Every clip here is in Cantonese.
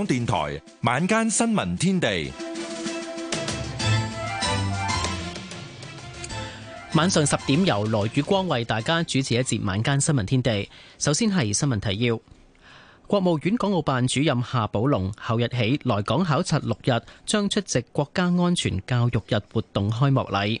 港電台晚間新聞天地，晚上十點由羅宇光為大家主持一節晚間新聞天地。首先係新聞提要，國務院港澳辦主任夏寶龍後日起來港考察六日，將出席國家安全教育日活動開幕禮。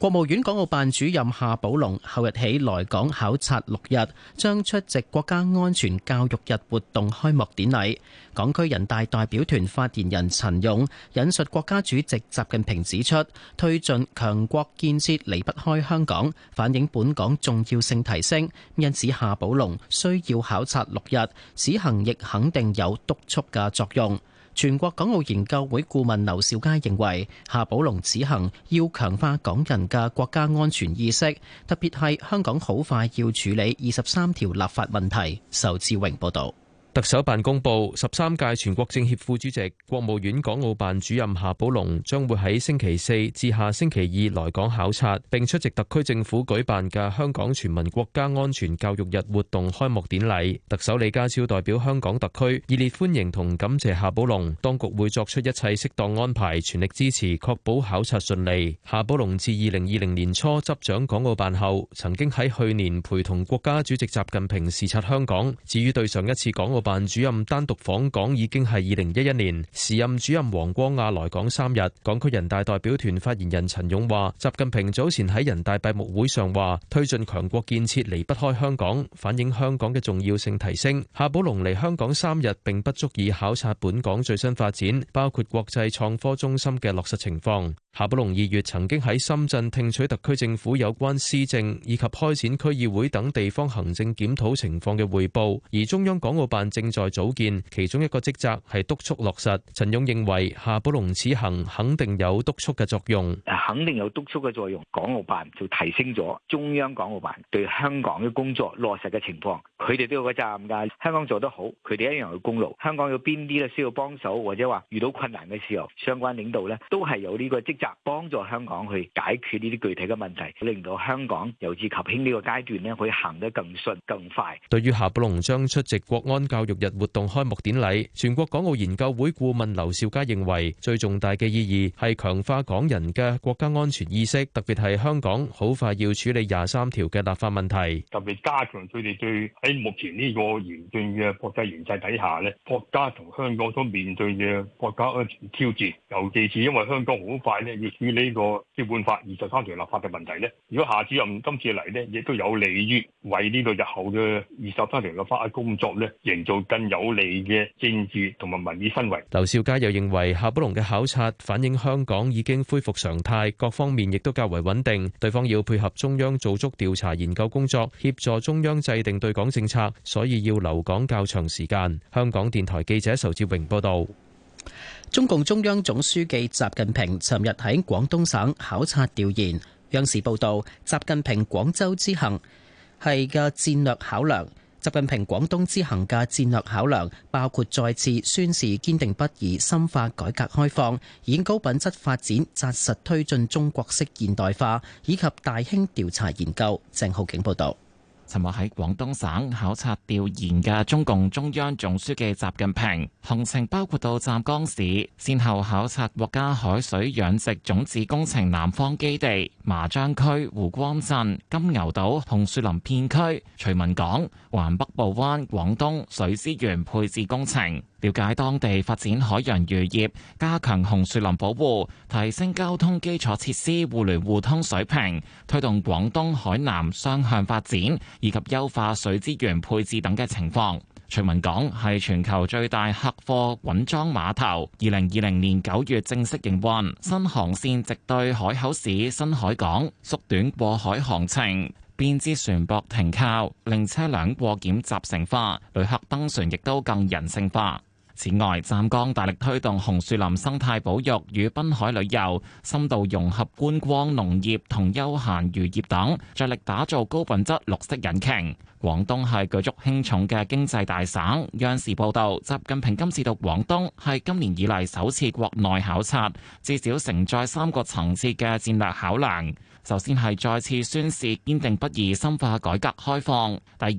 國務院港澳辦主任夏寶龍後日起來港考察六日，將出席國家安全教育日活動開幕典禮。港區人大代表團發言人陳勇引述國家主席習近平指出，推進強國建設離不開香港，反映本港重要性提升。因此，夏寶龍需要考察六日，此行亦肯定有督促嘅作用。全國港澳研究會顧問劉兆佳認為，夏寶龍此行要強化港人嘅國家安全意識，特別係香港好快要處理二十三條立法問題。仇志榮報導。特首辦公布，十三屆全國政協副主席、國務院港澳辦主任夏寶龍將會喺星期四至下星期二來港考察，並出席特區政府舉辦嘅香港全民國家安全教育日活動開幕典禮。特首李家超代表香港特區熱烈歡迎同感謝夏寶龍，當局會作出一切適當安排，全力支持，確保考察順利。夏寶龍自二零二零年初執掌港澳辦後，曾經喺去年陪同國家主席習近平視察香港。至於對上一次港澳，辦主任單獨訪港已經係二零一一年，時任主任王光亞來港三日。港區人大代表團發言人陳勇話，習近平早前喺人大閉幕會上話，推進強國建設離不開香港，反映香港嘅重要性提升。夏寶龍嚟香港三日，並不足以考察本港最新發展，包括國際創科中心嘅落實情況。夏寶龍二月曾經喺深圳聽取特區政府有關施政以及開展區議會等地方行政檢討情況嘅匯報，而中央港澳辦正在組建，其中一個職責係督促落實。陳勇認為夏寶龍此行肯定有督促嘅作用，肯定有督促嘅作用。港澳辦就提升咗中央港澳辦對香港嘅工作落實嘅情況，佢哋都有個責任噶。香港做得好，佢哋一樣要功勞；香港有邊啲咧需要幫手或者話遇到困難嘅時候，相關領導咧都係有呢、這個職。幫助香港去解決呢啲具體嘅問題，令到香港由治及興呢個階段咧，可以行得更順更快。對於夏寶龍將出席國安教育日活動開幕典禮，全國港澳研究會顧問劉兆佳認為最重大嘅意義係強化港人嘅國家安全意識，特別係香港好快要處理廿三條嘅立法問題，特別加強佢哋對喺目前呢個嚴峻嘅國際形勢底下咧，國家同香港都面對嘅國家安全挑戰，尤其是因為香港好快要處理呢個基本法二十三條立法嘅問題咧，如果夏主任今次嚟咧，亦都有利於為呢個日後嘅二十三條立法工作咧，營造更有利嘅政治同埋民意氛圍。劉少佳又認為夏寶龍嘅考察反映香港已經恢復常態，各方面亦都較為穩定。對方要配合中央做足調查研究工作，協助中央制定對港政策，所以要留港較長時間。香港電台記者仇志榮報導。中共中央總書記習近平尋日喺廣東省考察調研。央視報道，習近平廣州之行係嘅戰略考量。習近平廣東之行嘅戰略考量包括再次宣示堅定不移深化改革開放，以高品質發展紮實推進中國式現代化，以及大興調查研究。鄭浩景報道。尋日喺廣東省考察調研嘅中共中央總書記習近平，行程包括到湛江市，先後考察國家海水養殖種子工程南方基地、麻章區湖光鎮金牛島紅樹林片區、徐聞港環北部灣廣東水資源配置工程。了解當地發展海洋漁業、加強紅樹林保護、提升交通基礎設施互聯互通水平、推動廣東海南雙向發展以及優化水資源配置等嘅情況。徐聞港係全球最大客貨滾裝碼頭，二零二零年九月正式營運，新航線直對海口市新海港，縮短過海航程，便捷船舶停靠，令車輛過檢集成化，旅客登船亦都更人性化。此外，湛江大力推動紅樹林生態保育與濱海旅遊深度融合觀光、農業同休閒漁業等，着力打造高品質綠色引擎。廣東係舉足輕重嘅經濟大省。央視報道，習近平今次到廣東，係今年以嚟首次國內考察，至少承載三個層次嘅戰略考量。首先係再次宣示堅定不移深化改革開放，第二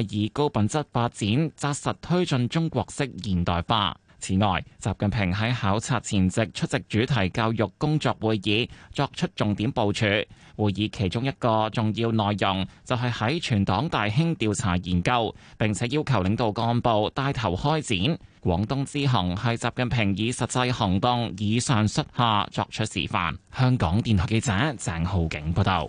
係以高品質發展，扎實推進中國式現代化。此外，習近平喺考察前夕出席主題教育工作會議作出重點部署。會議其中一個重要內容就係喺全黨大興調查研究，並且要求領導幹部帶頭開展。廣東之行係習近平以實際行動以上率下作出示範，香港電台記者鄭浩景報道。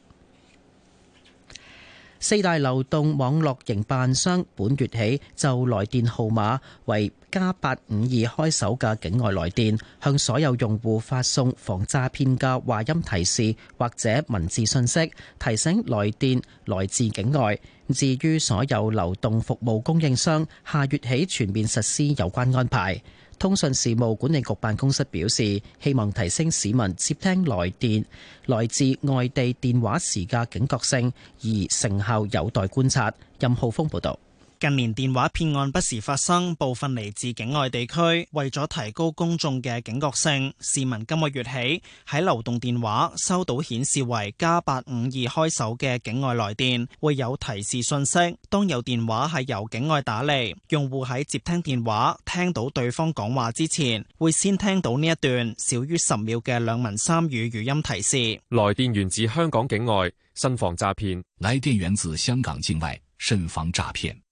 四大流動網絡營辦商本月起就來電號碼為加八五二開首嘅境外來電，向所有用戶發送防詐騙嘅話音提示或者文字信息，提醒來電來自境外。至於所有流動服務供應商，下月起全面實施有關安排。通訊事務管理局辦公室表示，希望提升市民接聽來電來自外地電話時嘅警覺性，而成效有待觀察。任浩峰報道。近年電話騙案不時發生，部分嚟自境外地區。為咗提高公眾嘅警覺性，市民今個月起喺流動電話收到顯示為加八五二開首嘅境外來電會有提示信息。當有電話係由境外打嚟，用戶喺接聽電話聽到對方講話之前，會先聽到呢一段少於十秒嘅兩文三語語音提示。來電源自香港境外，慎防詐騙。來電源自香港境外，慎防詐騙。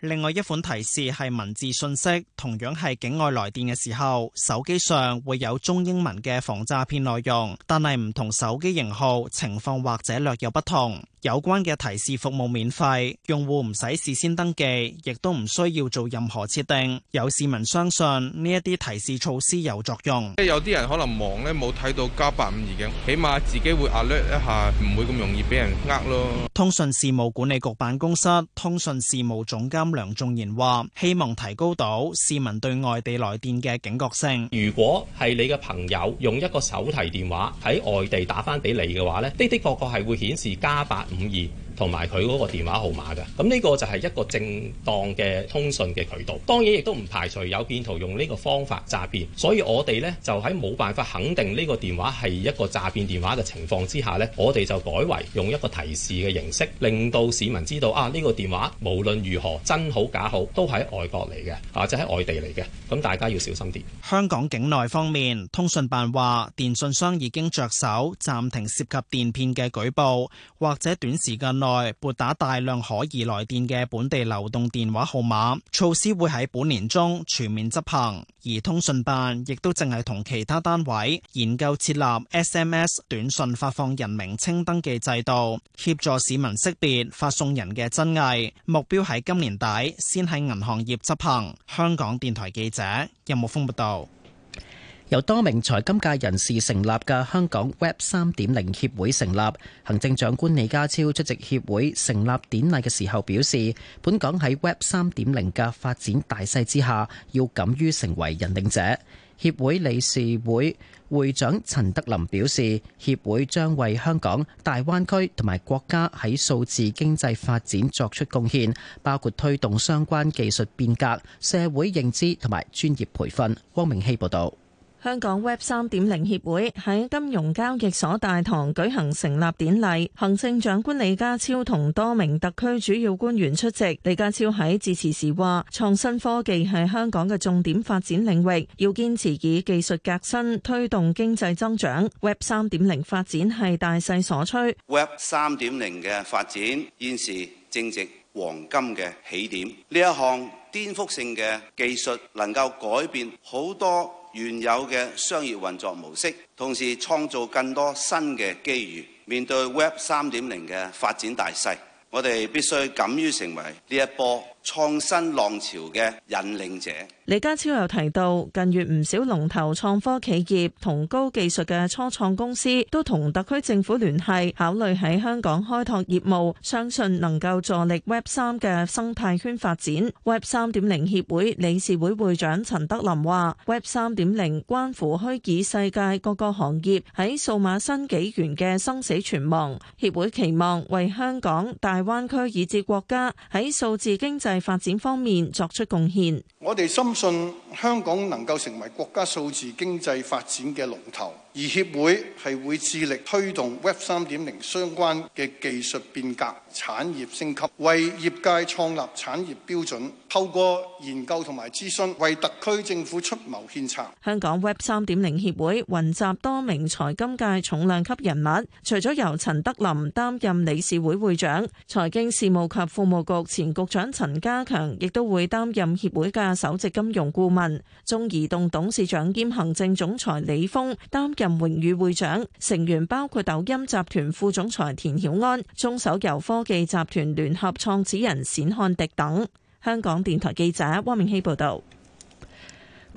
另外一款提示係文字信息，同樣係境外來電嘅時候，手機上會有中英文嘅防詐騙內容，但係唔同手機型號、情況或者略有不同。有關嘅提示服務免費，用戶唔使事先登記，亦都唔需要做任何設定。有市民相信呢一啲提示措施有作用，即有啲人可能忙呢冇睇到加八五二嘅，起碼自己會壓略一下，唔會咁容易俾人呃咯。通訊事務管理局辦公室通信事務總監梁仲賢話，希望提高到市民對外地來電嘅警覺性。如果係你嘅朋友用一個手提電話喺外地打返俾你嘅話呢，的的確確係會顯示加八五二。同埋佢嗰個電話號碼㗎，咁呢個就係一個正當嘅通訊嘅渠道。當然亦都唔排除有騙徒用呢個方法詐騙，所以我哋咧就喺冇辦法肯定呢個電話係一個詐騙電話嘅情況之下咧，我哋就改為用一個提示嘅形式，令到市民知道啊呢個電話無論如何真好假好都係外國嚟嘅或者喺外地嚟嘅，咁大家要小心啲。香港境內方面，通訊辦話電信商已經着手暫停涉及電騙嘅舉報或者短時間內。撥打大量可疑來電嘅本地流動電話號碼，措施會喺本年中全面執行。而通訊辦亦都淨係同其他單位研究設立 SMS 短信發放人名稱登記制度，協助市民識別發送人嘅真偽。目標喺今年底先喺銀行業執行。香港電台記者任木鋒報道。有由多名財金界人士成立嘅香港 Web 三點零協會成立，行政長官李家超出席協會成立典禮嘅時候表示，本港喺 Web 三點零嘅發展大勢之下，要敢於成為引領者。協會理事會會會長陳德霖表示，協會將為香港、大灣區同埋國家喺數字經濟發展作出貢獻，包括推動相關技術變革、社會認知同埋專業培訓。汪明希報導。香港 Web 三點零協會喺金融交易所大堂舉行成立典禮，行政長官李家超同多名特區主要官員出席。李家超喺致辭時話：創新科技係香港嘅重點發展領域，要堅持以技術革新推動經濟增長。Web 三點零發展係大勢所趨，Web 三點零嘅發展現時正值黃金嘅起點，呢一項顛覆性嘅技術能夠改變好多。原有嘅商業運作模式，同時創造更多新嘅機遇。面對 Web 三點零嘅發展大勢，我哋必須敢於成為呢一波創新浪潮嘅引領者，李家超又提到，近月唔少龍頭創科企業同高技術嘅初創公司都同特區政府聯繫，考慮喺香港開拓業務，相信能夠助力 Web 三嘅生態圈發展。Web 三點零協會理事會會長陳德霖話：Web 三點零關乎虛擬世界各個行業喺數碼新紀元嘅生死存亡。協會期望為香港、大灣區以至國家喺數字經濟發展方面作出貢獻。我哋深信香港能夠成為國家數字經濟發展嘅龍頭。而協會係會致力推動 Web 三點零相關嘅技術變革、產業升級，為業界創立產業標準，透過研究同埋諮詢，為特區政府出謀獻策。香港 Web 三點零協會雲集多名財金界重量級人物，除咗由陳德霖擔任理事會會長，財經事務及服務局前局長陳家強亦都會擔任協會嘅首席金融顧問。中移動董事長兼行政總裁李峰擔任。榮譽會長成員，包括抖音集團副總裁田曉安、中手遊科技集團聯合創始人冼漢迪等。香港電台記者汪明希報道。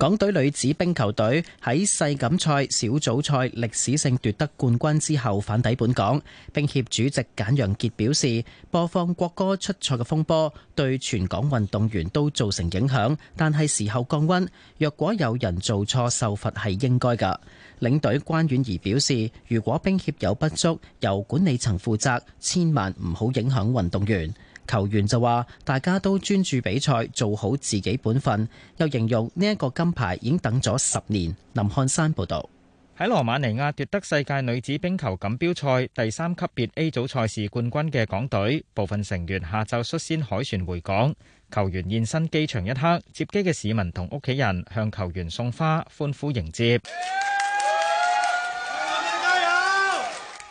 港隊女子冰球隊喺世錦賽小組賽歷史性奪得冠軍之後返抵本港，冰協主席簡陽傑表示：播放國歌出賽嘅風波對全港運動員都造成影響，但係時候降溫。若果有人做錯受罰係應該噶。領隊關婉儀表示：如果冰協有不足，由管理層負責，千萬唔好影響運動員。球員就話：大家都專注比賽，做好自己本分。又形容呢一個金牌已經等咗十年。林漢山報道：喺羅馬尼亞奪得世界女子冰球錦標賽第三級別 A 組賽事冠軍嘅港隊，部分成員下晝率先凱旋回港。球員現身機場一刻，接機嘅市民同屋企人向球員送花，歡呼迎接。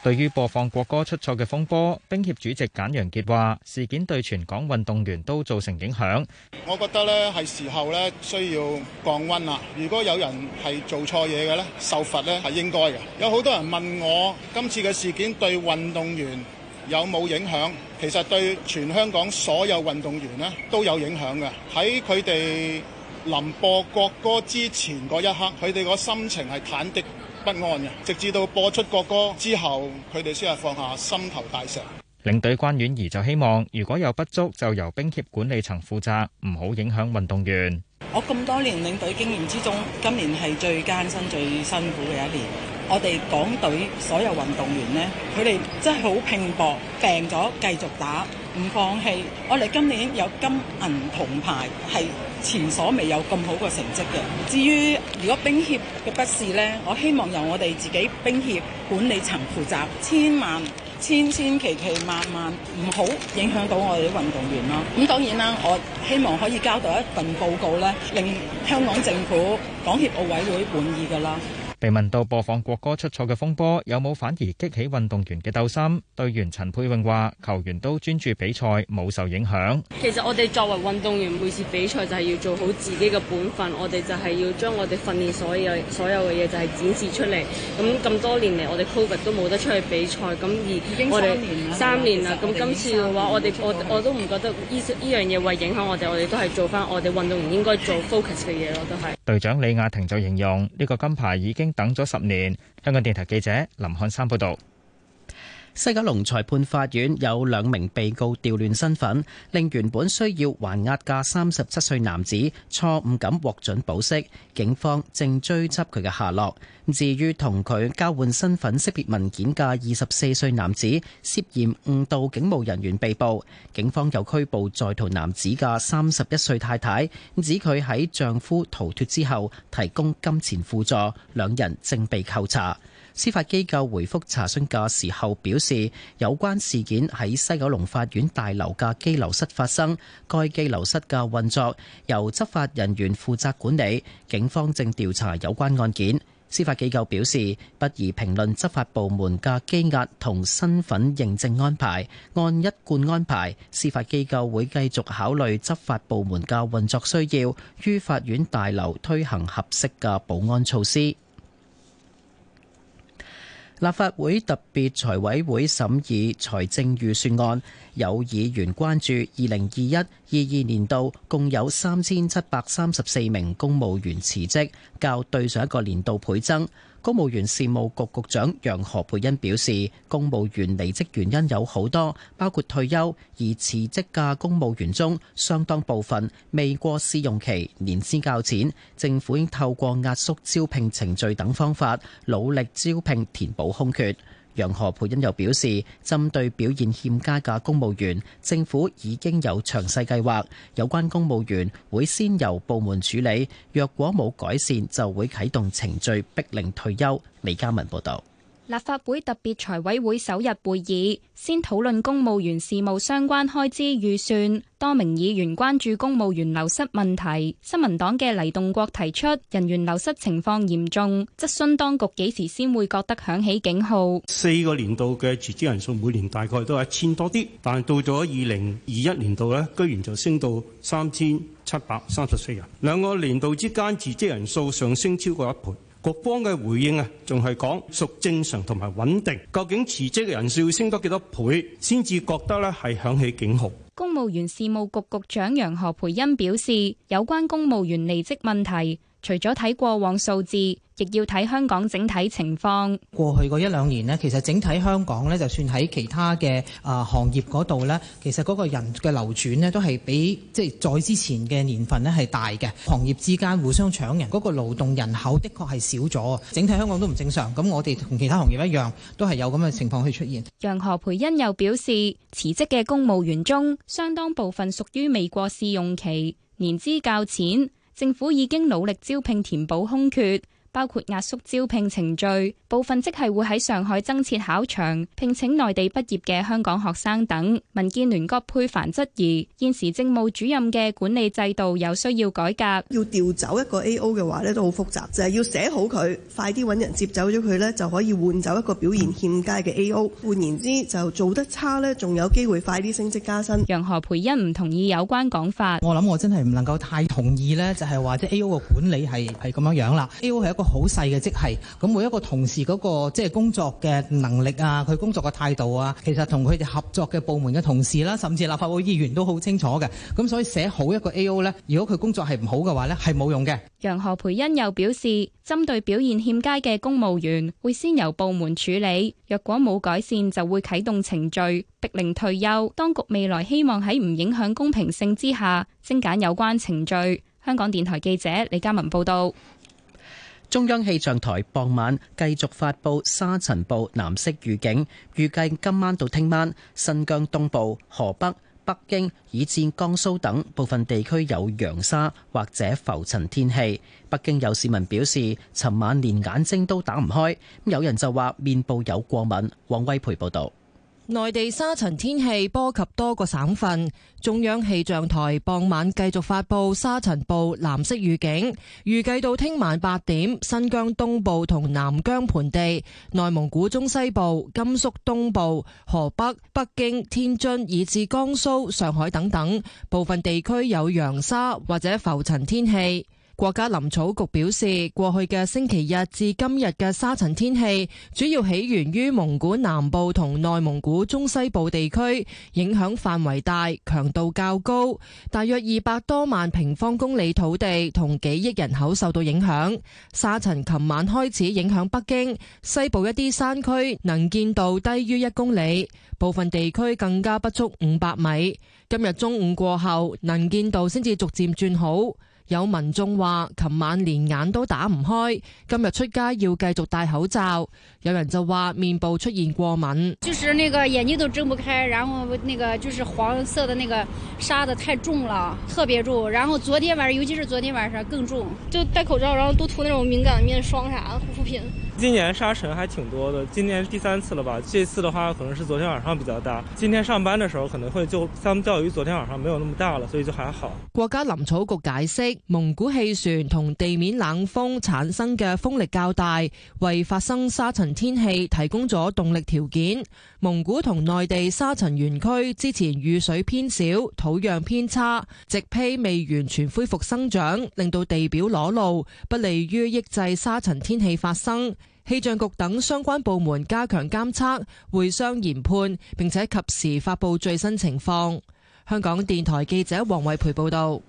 對於播放國歌出錯嘅風波，冰協主席簡陽傑話：事件對全港運動員都造成影響。我覺得咧，係時候咧需要降溫啦。如果有人係做錯嘢嘅咧，受罰咧係應該嘅。有好多人問我今次嘅事件對運動員有冇影響？其實對全香港所有運動員咧都有影響嘅。喺佢哋臨播國歌之前嗰一刻，佢哋個心情係忐忑不安嘅，直至到播出國歌之後，佢哋先係放下心頭大石。領隊關婉儀就希望，如果有不足，就由冰協管理層負責，唔好影響運動員。我咁多年領隊經驗之中，今年係最艱辛、最辛苦嘅一年。我哋港隊所有運動員呢，佢哋真係好拼搏，病咗繼續打。唔放棄，我哋今年有金銀銅牌，係前所未有咁好嘅成績嘅。至於如果冰協嘅不是呢，我希望由我哋自己冰協管理層負責，千萬千千祈祈萬萬唔好影響到我哋運動員咯。咁當然啦，我希望可以交到一份報告呢，令香港政府港協奧委會滿意噶啦。被問到播放國歌出錯嘅風波有冇反而激起運動員嘅鬥心，隊員陳佩詠話：球員都專注比賽，冇受影響。其實我哋作為運動員，每次比賽就係要做好自己嘅本分，我哋就係要將我哋訓練所有所有嘅嘢就係展示出嚟。咁咁多年嚟，我哋 Covid 都冇得出去比賽，咁而我哋已經三年啦，咁今次嘅話，我哋我我都唔覺得呢呢樣嘢會影響我哋，我哋都係做翻我哋運動員應該做 focus 嘅嘢咯，都係。隊長李亞婷就形容，呢個金牌已經等咗十年。香港電台記者林漢山報道。西九龍裁判法院有兩名被告調亂身份，令原本需要還押嘅三十七歲男子錯誤咁獲准保釋，警方正追緝佢嘅下落。至於同佢交換身份識別文件嘅二十四歲男子涉嫌誤導警務人員被捕，警方又拘捕在逃男子嘅三十一歲太太，指佢喺丈夫逃脫之後提供金錢輔助，兩人正被扣查。司法機構回覆查詢嘅時候表示，有關事件喺西九龍法院大樓嘅羈留室發生，該羈留室嘅運作由執法人員負責管理。警方正調查有關案件。司法機構表示，不宜評論執法部門嘅羈押同身份認證安排。按一貫安排，司法機構會繼續考慮執法部門嘅運作需要，於法院大樓推行合適嘅保安措施。立法會特別財委會審議財政預算案，有議員關注二零二一、二二年度共有三千七百三十四名公務員辭職，較對上一個年度倍增。公務員事務局局長楊何培恩表示，公務員離職原因有好多，包括退休而辭職嘅公務員中，相當部分未過試用期，年資較淺。政府應透過壓縮招聘程序等方法，努力招聘填補空缺。楊何蓓茵又表示，針對表現欠佳嘅公務員，政府已經有詳細計劃，有關公務員會先由部門處理，若果冇改善就會啟動程序，逼令退休。李嘉文報道。立法會特別財委會首日會議，先討論公務員事務相關開支預算。多名議員關注公務員流失問題。新民黨嘅黎棟國提出，人員流失情況嚴重，質詢當局幾時先會覺得響起警號。四個年度嘅辭職人數每年大概都一千多啲，但到咗二零二一年度咧，居然就升到三千七百三十四人。兩個年度之間辭職人數上升超過一倍。局方嘅回應啊，仲係講屬正常同埋穩定。究竟辭職嘅人數升多幾多倍，先至覺得呢係響起警號？公務員事務局局長楊何培恩表示，有關公務員離職問題，除咗睇過往數字。亦要睇香港整體情況。過去嗰一兩年咧，其實整體香港咧，就算喺其他嘅啊行業嗰度咧，其實嗰個人嘅流轉咧都係比即係、就是、在之前嘅年份咧係大嘅。行業之間互相搶人，嗰、那個勞動人口的確，係少咗，整體香港都唔正常。咁我哋同其他行業一樣，都係有咁嘅情況去出現。楊何培恩又表示，辭職嘅公務員中，相當部分屬於未過試用期、年資較淺，政府已經努力招聘填補空缺。包括壓縮招聘程序，部分即係會喺上海增設考場，聘請內地畢業嘅香港學生等。民建聯郭佩凡質疑現時政務主任嘅管理制度有需要改革。要調走一個 A.O. 嘅話咧，都好複雜，就係要寫好佢，快啲揾人接走咗佢咧，就可以換走一個表現欠佳嘅 A.O.。換言之，就做得差咧，仲有機會快啲升職加薪。楊何培欣唔同意有關講法。我諗我真係唔能夠太同意呢就係話即 A.O. 嘅管理係係咁樣樣啦。A.O. 係一個好細嘅職系，咁每一個同事嗰、那個即係工作嘅能力啊，佢工作嘅態度啊，其實同佢哋合作嘅部門嘅同事啦、啊，甚至立法會議員都好清楚嘅。咁、嗯、所以寫好一個 AO 呢，如果佢工作係唔好嘅話呢，係冇用嘅。楊何培恩又表示，針對表現欠佳嘅公務員，會先由部門處理，若果冇改善，就會啟動程序，逼令退休。當局未來希望喺唔影響公平性之下精簡有關程序。香港電台記者李嘉文報道。中央氣象台傍晚繼續發布沙塵暴藍色預警，預計今晚到聽晚，新疆東部、河北、北京以至江蘇等部分地區有揚沙或者浮塵天氣，北京有市民表示，尋晚連眼睛都打唔開，有人就話面部有過敏。黃威培報道。內地沙塵天氣波及多個省份，中央氣象台傍晚繼續發布沙塵暴藍色預警，預計到聽晚八點，新疆東部同南疆盆地、內蒙古中西部、甘肅東部、河北、北京、天津，以至江蘇、上海等等，部分地區有揚沙或者浮塵天氣。國家林草局表示，過去嘅星期日至今日嘅沙塵天氣主要起源於蒙古南部同內蒙古中西部地區，影響範圍大，強度較高，大約二百多萬平方公里土地同幾億人口受到影響。沙塵琴晚開始影響北京西部一啲山區，能見度低於一公里，部分地區更加不足五百米。今日中午過後，能見度先至逐漸轉好。有民眾話，琴晚連眼都打唔開，今日出街要繼續戴口罩。有人就話面部出現過敏，就是那個眼睛都睜不開，然後那個就是黃色的那個沙子太重了，特別重。然後昨天晚上，尤其是昨天晚上更重，就戴口罩，然後多塗那種敏感的面霜啥的護膚品。今年沙塵還挺多的，今年第三次了吧？這次的話可能是昨天晚上比較大，今天上班的時候可能會就，相較於昨天晚上沒有那麼大了，所以就還好。國家林草局解釋，蒙古氣旋同地面冷風產生嘅風力較大，為發生沙塵天氣提供咗動力條件。蒙古同內地沙塵源區之前雨水偏少，土壤偏差，植被未完全恢復生長，令到地表裸露，不利於抑制沙塵天氣發生。氣象局等相關部門加強監測、會商研判，並且及時發布最新情況。香港電台記者黃惠培報道。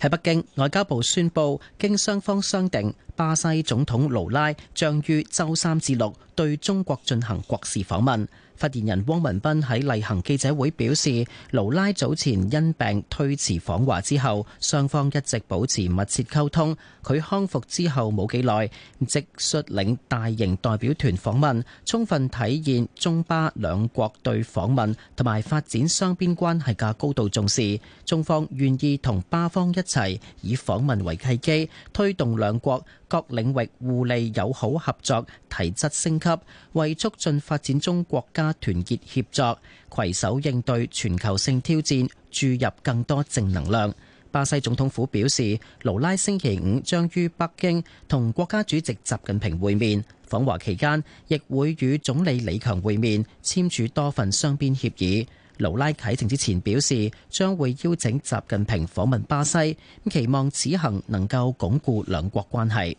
喺北京，外交部宣布，經雙方商定，巴西總統盧拉將於周三至六對中國進行國事訪問。發言人汪文斌喺例行記者會表示，盧拉早前因病推遲訪華之後，雙方一直保持密切溝通。佢康復之後冇幾耐，即率領大型代表團訪問，充分體現中巴兩國對訪問同埋發展雙邊關係嘅高度重視。中方願意同巴方一齊，以訪問為契機，推動兩國各領域互利友好合作提質升級，為促進發展中國家團結協作、攜手應對全球性挑戰注入更多正能量。巴西總統府表示，盧拉星期五將於北京同國家主席習近平會面，訪華期間亦會與總理李強會面，簽署多份雙邊協議。盧拉啟程之前表示，將會邀請習近平訪問巴西，期望此行能夠鞏固兩國關係。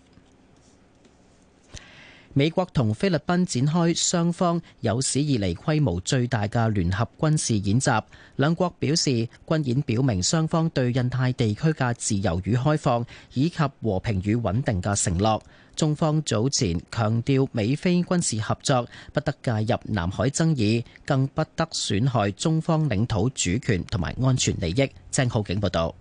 美國同菲律賓展開雙方有史以來規模最大嘅聯合軍事演習，兩國表示，軍演表明雙方對印太地區嘅自由與開放，以及和平與穩定嘅承諾。中方早前強調，美菲軍事合作不得介入南海爭議，更不得損害中方領土主權同埋安全利益。鄭浩景報道。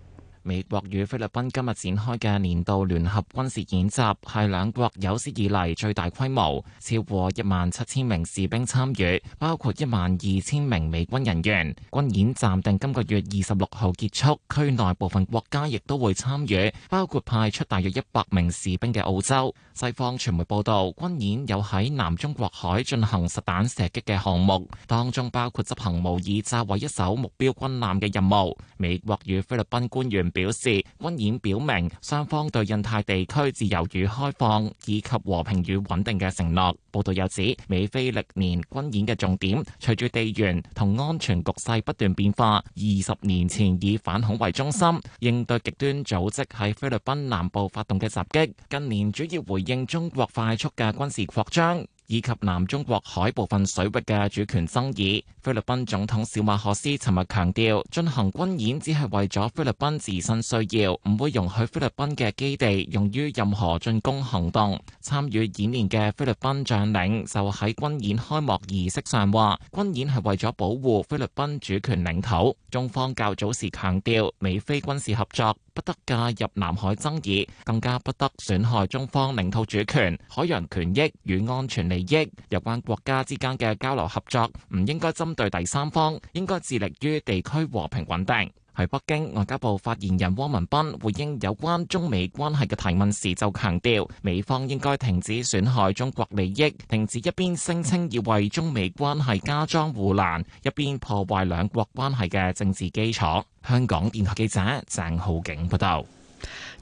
美國與菲律賓今日展開嘅年度聯合軍事演習，係兩國有史以嚟最大規模，超過一萬七千名士兵參與，包括一萬二千名美軍人員。軍演暫定今個月二十六號結束，區內部分國家亦都會參與，包括派出大約一百名士兵嘅澳洲。西方傳媒報道，軍演有喺南中國海進行實彈射擊嘅項目，當中包括執行模擬炸毀一艘目標軍艦嘅任務。美國與菲律賓官員表示軍演表明雙方對印太地區自由與開放以及和平與穩定嘅承諾。報導又指，美菲歷年軍演嘅重點，隨住地緣同安全局勢不斷變化，二十年前以反恐為中心，應對極端組織喺菲律賓南部發動嘅襲擊，近年主要回應中國快速嘅軍事擴張。以及南中國海部分水域嘅主權爭議，菲律賓總統小馬可斯尋日強調，進行軍演只係為咗菲律賓自身需要，唔會容許菲律賓嘅基地用於任何進攻行動。參與演練嘅菲律賓將領就喺軍演開幕儀式上話，軍演係為咗保護菲律賓主權領土。中方較早時強調，美菲軍事合作，不得介入南海爭議，更加不得損害中方領土主權、海洋權益與安全利益。有關國家之間嘅交流合作，唔應該針對第三方，應該致力於地區和平穩定。喺北京，外交部發言人汪文斌回應有關中美關係嘅提問時就，就強調美方應該停止損害中國利益，停止一邊聲稱要為中美關係加裝護欄，一邊破壞兩國關係嘅政治基礎，香港電台記者鄭浩景報道。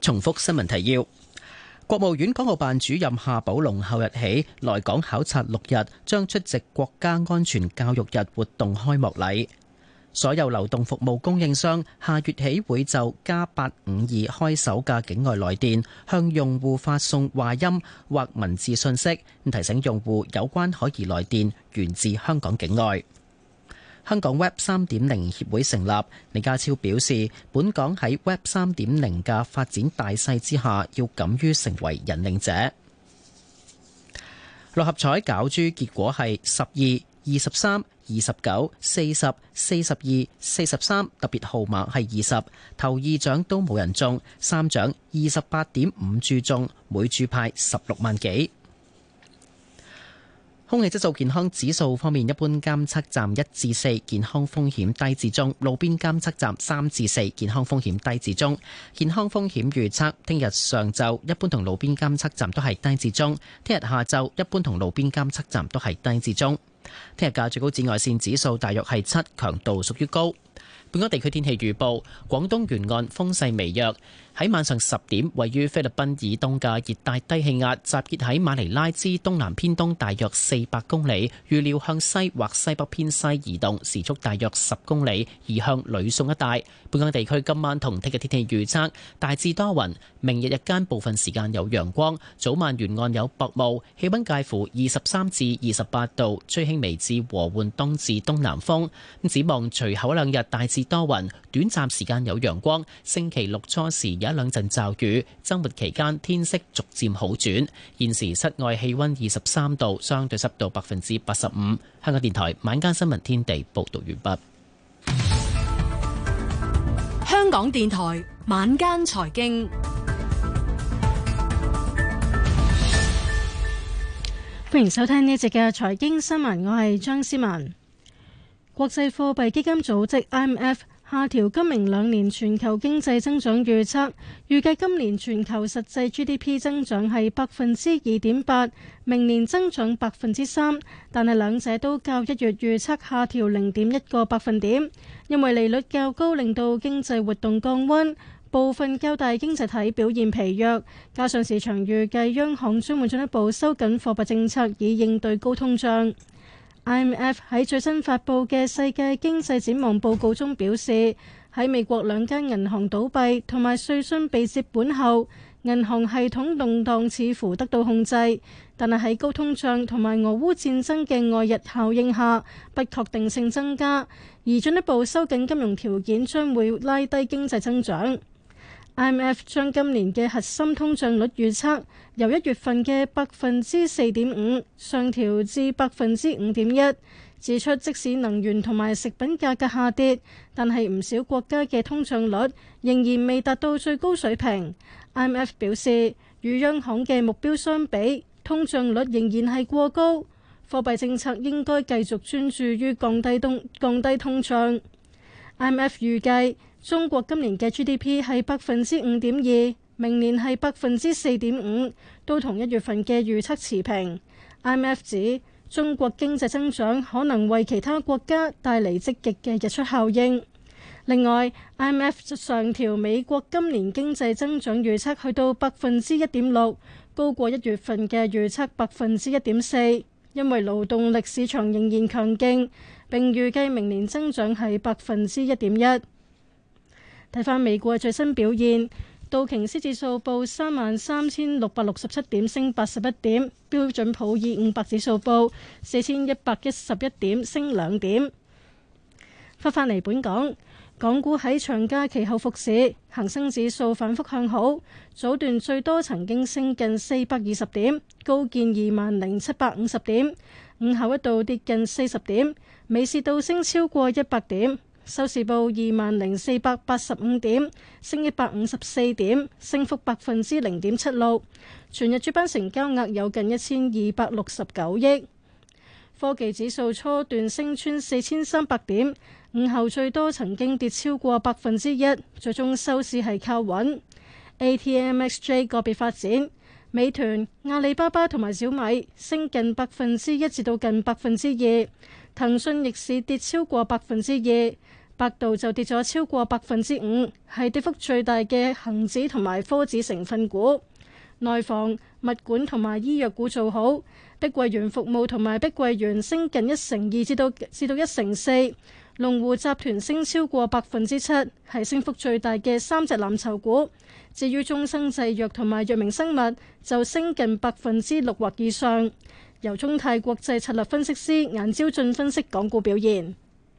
重複新聞提要：國務院港澳辦主任夏寶龍後日起來港考察六日，將出席國家安全教育日活動開幕禮。所有流動服務供應商下月起會就加八五二開首嘅境外來電，向用戶發送話音或文字信息，咁提醒用戶有關可疑來電源自香港境外。香港 Web 三點零協會成立，李家超表示，本港喺 Web 三點零嘅發展大勢之下，要敢於成為引領者。六合彩攪珠結果係十二二十三。二十九、四十四、十二、四十三，特別號碼係二十，頭二獎都冇人中，三獎二十八點五注中，每注派十六萬幾。空氣質素健康指數方面，一般監測站一至四，健康風險低至中；路邊監測站三至四，健康風險低至中。健康風險預測：聽日上晝一般同路邊監測站都係低至中；聽日下晝一般同路邊監測站都係低至中。聽日嘅最高紫外線指數大約係七，強度屬於高。本港地區天氣預報：廣東沿岸風勢微弱。喺晚上十點，位於菲律賓以東嘅熱帶低氣壓集結喺馬尼拉之東南偏東大約四百公里，預料向西或西北偏西移動，時速大約十公里，移向呂宋一帶。本港地區今晚同聽日天氣預測大致多雲，明日日間部分時間有陽光，早晚沿岸有薄霧，氣温介乎二十三至二十八度，吹輕微至和緩東至東南風。指望，隨後兩日大致多雲，短暫時間有陽光，星期六初時，一兩陣驟雨，周末期間天色逐漸好轉。現時室外氣温二十三度，相對濕度百分之八十五。香港電台晚間新聞天地報道完畢。香港電台晚間財經，歡迎收聽呢一節嘅財經新聞，我係張思文。國際貨幣基金組織 IMF。下調今明兩年全球經濟增長預測，預計今年全球實際 GDP 增長係百分之二點八，明年增長百分之三，但係兩者都較一月預測下調零點一個百分點，因為利率較高令到經濟活動降溫，部分較大經濟體表現疲弱，加上市場預計央行將會進一步收緊貨幣政策以應對高通脹。IMF 喺最新發布嘅世界經濟展望報告中表示，喺美國兩間銀行倒閉同埋瑞信被接管後，銀行系統動盪似乎得到控制，但係喺高通脹同埋俄烏戰爭嘅外溢效應下，不確定性增加，而進一步收緊金融條件將會拉低經濟增長。IMF 將今年嘅核心通脹率預測由一月份嘅百分之四點五上調至百分之五點一，指出即使能源同埋食品價格下跌，但係唔少國家嘅通脹率仍然未達到最高水平。IMF 表示，與央行嘅目標相比，通脹率仍然係過高，貨幣政策應該繼續專注於降低通降低通脹。IMF 預計。中國今年嘅 GDP 係百分之五點二，明年係百分之四點五，都同一月份嘅預測持平。IMF 指中國經濟增長可能為其他國家帶嚟積極嘅溢出效應。另外，IMF 上調美國今年經濟增長預測去到百分之一點六，高過一月份嘅預測百分之一點四，因為勞動力市場仍然強勁，並預計明年增長係百分之一點一。睇翻美國嘅最新表現，道瓊斯指數報三萬三千六百六十七點，升八十一點；標準普爾五百指數報四千一百一十一點，升兩點。發返嚟本港，港股喺長假期後復市，恒生指數反覆向好，早段最多曾經升近四百二十點，高見二萬零七百五十點。午後一度跌近四十點，尾市倒升超過一百點。收市報二萬零四百八十五點，升一百五十四點，升幅百分之零點七六。全日主板成交額有近一千二百六十九億。科技指數初段升穿四千三百點，午後最多曾經跌超過百分之一，最終收市係靠穩。ATMXJ 個別發展，美團、阿里巴巴同埋小米升近百分之一至到近百分之二。騰訊逆市跌超過百分之二，百度就跌咗超過百分之五，係跌幅最大嘅恒指同埋科指成分股。內房、物管同埋醫藥股做好，碧桂園服務同埋碧桂園升近一成二至到至到一成四，龍湖集團升超過百分之七，係升幅最大嘅三隻藍籌股。至於中生製藥同埋藥明生物就升近百分之六或以上。由中泰國際策略分析師顏昭俊分析港股表現。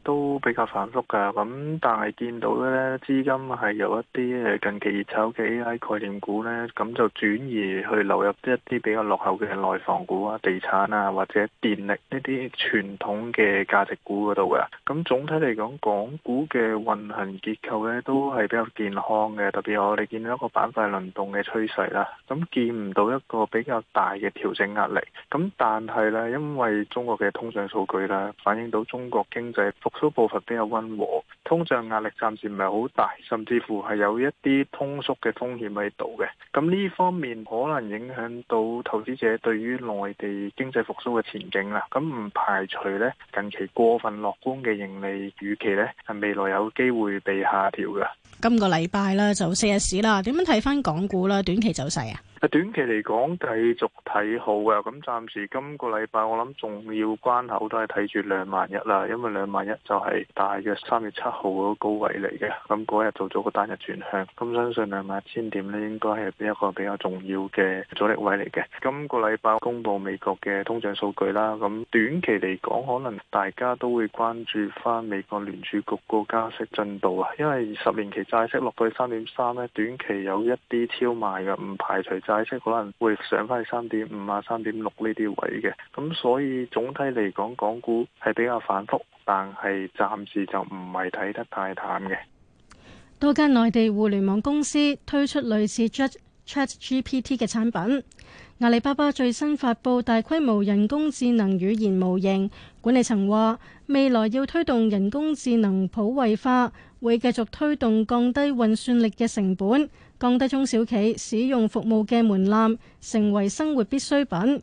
都比較反覆㗎，咁但係見到咧資金係由一啲誒近期熱炒嘅 AI 概念股咧，咁就轉移去流入一啲比較落後嘅內房股啊、地產啊或者電力呢啲傳統嘅價值股嗰度㗎。咁總體嚟講，港股嘅運行結構咧都係比較健康嘅，特別我哋見到一個板塊輪動嘅趨勢啦。咁見唔到一個比較大嘅調整壓力。咁但係咧，因為中國嘅通脹數據啦，反映到中國經濟復部分比較温和，通脹壓力暫時唔係好大，甚至乎係有一啲通縮嘅風險喺度嘅。咁呢方面可能影響到投資者對於內地經濟復蘇嘅前景啦。咁唔排除呢，近期過分樂觀嘅盈利預期呢係未來有機會被下調㗎。今個禮拜啦，就四日市啦，點樣睇返港股啦？短期走勢啊？短期嚟講繼續睇好嘅，咁暫時今個禮拜我諗重要關口都係睇住兩萬一啦，因為兩萬一就係大約三月七號嗰個高位嚟嘅，咁嗰日做咗個單日轉向，咁相信兩萬一千點咧應該係一個比較重要嘅阻力位嚟嘅。今個禮拜公布美國嘅通脹數據啦，咁短期嚟講可能大家都會關注翻美國聯儲局個加息進度啊，因為十年期債息落到去三點三咧，短期有一啲超賣嘅，唔排除或者可能會上返去三點五啊、三點六呢啲位嘅，咁所以總體嚟講，港股係比較反覆，但係暫時就唔係睇得太淡嘅。多間內地互聯網公司推出類似 Chat Chat GPT 嘅產品。阿里巴巴最新發布大規模人工智能語言模型，管理層話未來要推動人工智能普惠化，會繼續推動降低運算力嘅成本。降低中小企使用服務嘅門檻，成為生活必需品。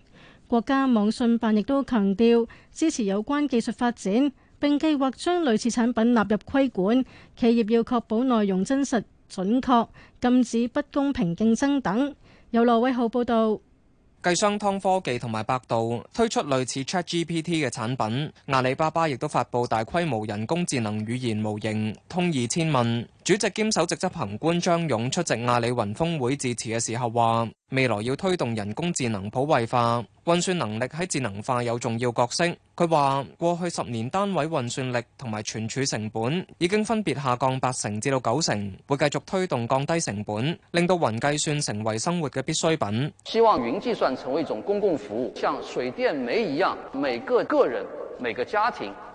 國家網信辦亦都強調支持有關技術發展，並計劃將類似產品納入規管。企業要確保內容真實準確，禁止不公平競爭等。由羅偉浩報導。繼商湯科技同埋百度推出類似 ChatGPT 嘅產品，阿里巴巴亦都發布大規模人工智能語言模型通義千問。主席兼首席執行官張勇出席阿里雲峰會致辭嘅時候話，未來要推動人工智能普惠化，運算能力喺智能化有重要角色。佢話過去十年單位運算力同埋存儲成本已經分別下降八成至到九成，會繼續推動降低成本，令到雲計算成為生活嘅必需品。希望雲計算成為一種公共服務，像水電煤一樣，每個個人、每個家庭。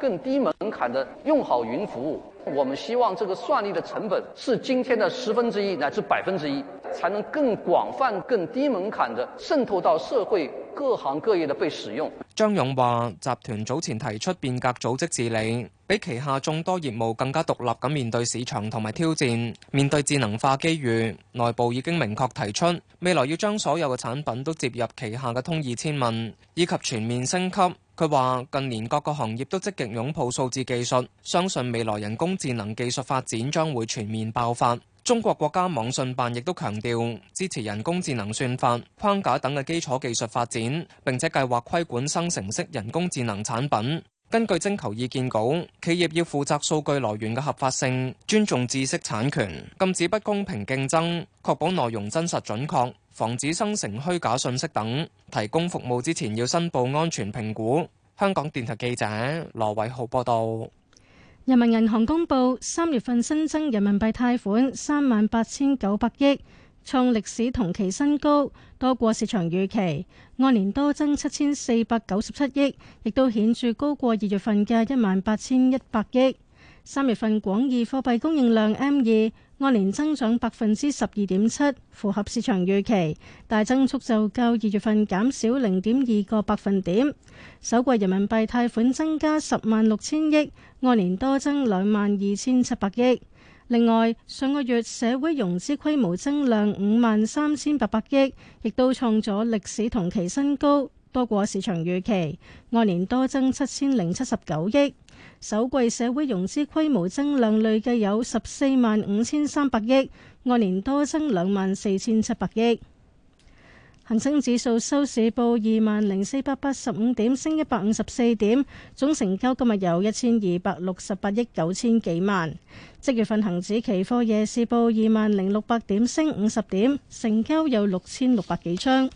更低門檻的用好雲服務。我們希望這個算力的成本是今天的十分之一乃至百分之一，才能更廣泛、更低門檻的滲透到社會各行各業的被使用。張勇話集團早前提出變革組織治理，俾旗下眾多業務更加獨立咁面對市場同埋挑戰。面對智能化機遇，內部已經明確提出未來要將所有嘅產品都接入旗下嘅通義千問，以及全面升級。佢話：近年各個行業都積極擁抱數字技術，相信未來人工智能技術發展將會全面爆發。中國國家網信辦亦都強調支持人工智能算法、框架等嘅基礎技術發展，並且計劃規管生成式人工智能產品。根據徵求意見稿，企業要負責數據來源嘅合法性，尊重知識產權，禁止不公平競爭，確保內容真實準確。防止生成虛假信息等，提供服務之前要申報安全評估。香港電台記者羅偉浩報道。人民銀行公布三月份新增人民幣貸款三萬八千九百億，創歷史同期新高，多過市場預期，按年多增七千四百九十七億，亦都顯著高過二月份嘅一萬八千一百億。三月份廣義貨幣供應量 M2，按年增長百分之十二點七，符合市場預期。大增速就較二月份減少零點二個百分點。首季人民幣貸款增加十萬六千億，按年多增兩萬二千七百億。另外，上個月社會融資規模增量五萬三千八百億，亦都創咗歷史同期新高，多過市場預期，按年多增七千零七十九億。首季社會融資規模增量累計有十四萬五千三百億，按年多增兩萬四千七百億。恒生指數收市報二萬零四百八十五點，升一百五十四點，總成交今日有一千二百六十八億九千幾萬。即月份恒指期貨夜市報二萬零六百點，升五十點，成交有六千六百幾張。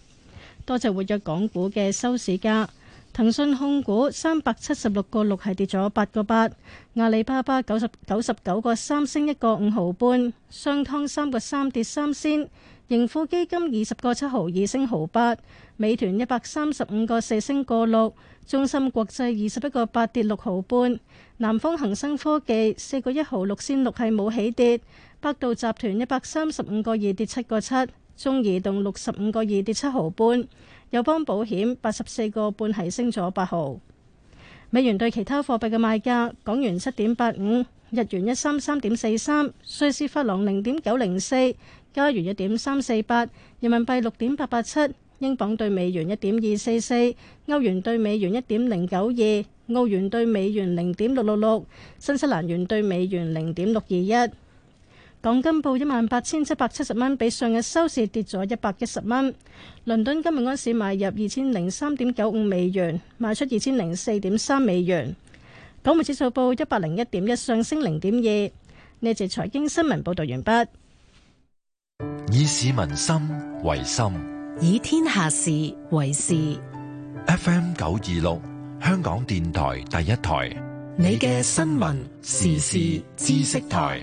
多謝活躍港股嘅收市價。騰訊控股三百七十六個六係跌咗八個八，阿里巴巴九十九十九個三升一個五毫半，商湯三個三跌三仙，盈富基金二十個七毫二升毫八，美團一百三十五個四升個六，中芯國際二十一個八跌六毫半，南方恒生科技四個一毫六先六係冇起跌，百度集團一百三十五個二跌七個七，中移動六十五個二跌七毫半。友邦保險八十四個半係升咗八毫，美元對其他貨幣嘅賣價：港元七點八五，日元一三三點四三，瑞士法郎零點九零四，加元一點三四八，人民幣六點八八七，英鎊對美元一點二四四，歐元對美元一點零九二，澳元對美元零點六六六，新西蘭元對美元零點六二一。港金報一萬八千七百七十蚊，比上日收市跌咗一百一十蚊。倫敦今日安市買入二千零三點九五美元，賣出二千零四點三美元。港匯指數報一百零一點一，上升零點二。呢節財經新聞報道完畢。以市民心為心，以天下事為事。F.M. 九二六，香港電台第一台。你嘅新聞時事知識台。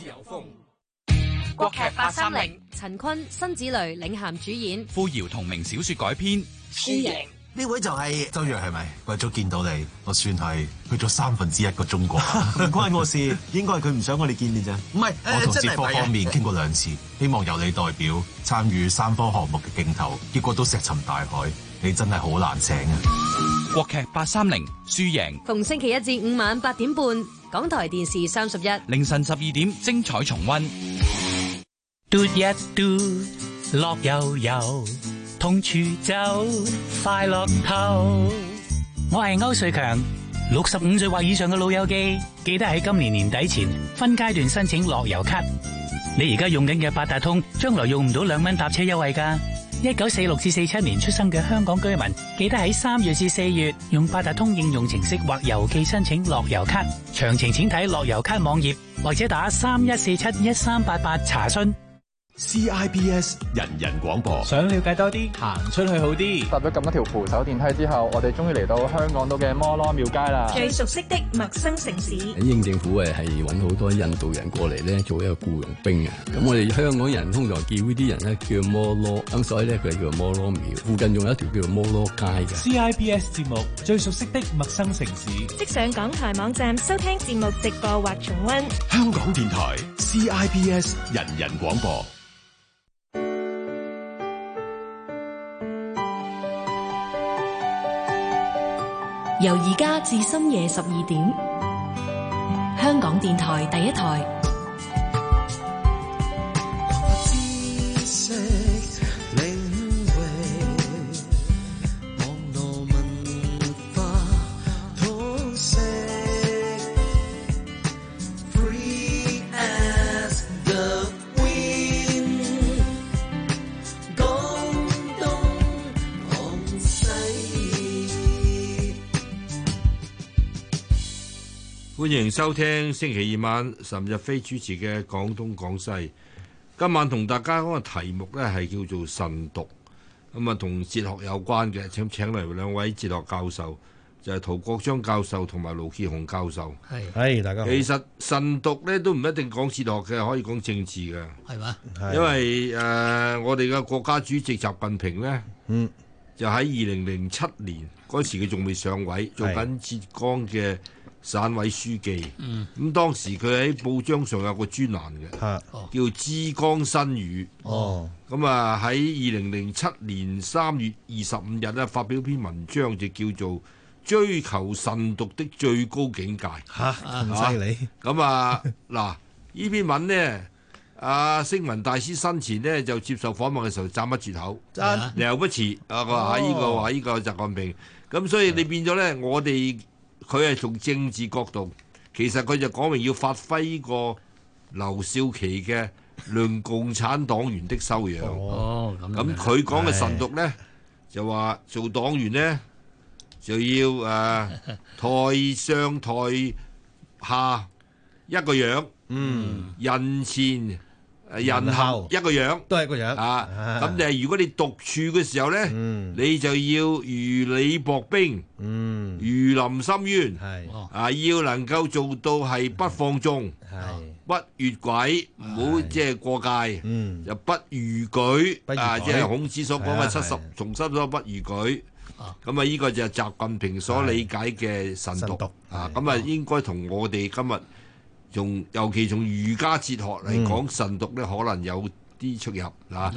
國劇八三零，陳坤、辛芷蕾領銜主演，傅瑤同名小說改編。輸贏。呢位就係周若係咪？為咗見到你，我算係去咗三分之一個中國，唔關我事。應該係佢唔想我哋見面咋？唔係我同社科方面傾過兩次，希望由你代表參與三方項目嘅競投，結果都石沉大海。你真係好難請啊！國劇八三零，輸贏，逢星期一至五晚八點半，港台電視三十一，凌晨十二點，精彩重温。嘟一嘟，樂悠悠，痛處走，快樂透。我係歐瑞強，六十五歲或以上嘅老友記，記得喺今年年底前分階段申請樂悠咭。你而家用緊嘅八達通，將來用唔到兩蚊搭車優惠㗎。一九四六至四七年出生嘅香港居民，記得喺三月至四月用八達通應用程式或郵寄申請樂悠咭。詳情請睇樂悠咭網頁或者打三一四七一三八八查詢。CIBS 人人廣播，想了解多啲，行出去好啲。搭咗咁多條扶手電梯之後，我哋終於嚟到香港島嘅摩羅廟街啦。最熟悉的陌生城市，英政府誒係搵好多印度人過嚟咧做一個僱傭兵啊。咁我哋香港人通常叫呢啲人咧叫摩羅，咁所以咧佢叫摩羅廟。附近仲有一條叫做摩羅街嘅。CIBS 節目《最熟悉的陌生城市》，即上港台網站收聽節目直播或重溫。香港電台 CIBS 人人廣播。由而家至深夜十二點，香港電台第一台。歡迎收聽星期二晚岑日飛主持嘅《廣東廣西》。今晚同大家嗰個題目呢係叫做“慎讀、嗯”，咁啊同哲學有關嘅，請請嚟兩位哲學教授，就係、是、陶國章教授同埋盧啟雄教授。係是，大家好。其實慎讀呢都唔一定講哲學嘅，可以講政治嘅。係嘛嗎？因為誒是、呃，我哋嘅國家主席習近平呢，嗯，就喺二零零七年嗰時佢仲未上位，做緊浙江嘅。省委書記，咁當時佢喺報章上有個專欄嘅，叫《之江新語》。咁啊喺二零零七年三月二十五日咧，發表篇文章就叫做《追求慎獨的最高境界》。吓咁犀利！咁啊嗱，呢篇文呢，阿星雲大師生前呢，就接受訪問嘅時候，讚不絕口，又不遲。啊，話呢個話呢個習近平。咁所以你變咗咧，我哋。佢係從政治角度，其實佢就講明要發揮呢個劉少奇嘅論共產黨員的修養。哦，咁佢講嘅慎獨呢，哎、就話做黨員呢，就要誒、啊、台上台下一個樣。 嗯，人前。人後一個樣，都係一個樣啊！咁就如果你獨處嘅時候咧，你就要如履薄冰，如臨深淵。啊，要能夠做到係不放縱，不越軌，唔好即係過界，就不如舉啊！即係孔子所講嘅七十從心所不如舉。咁啊，呢個就係習近平所理解嘅慎獨啊！咁啊，應該同我哋今日。從尤其從儒家哲學嚟講，嗯、慎獨咧可能有啲出入啊。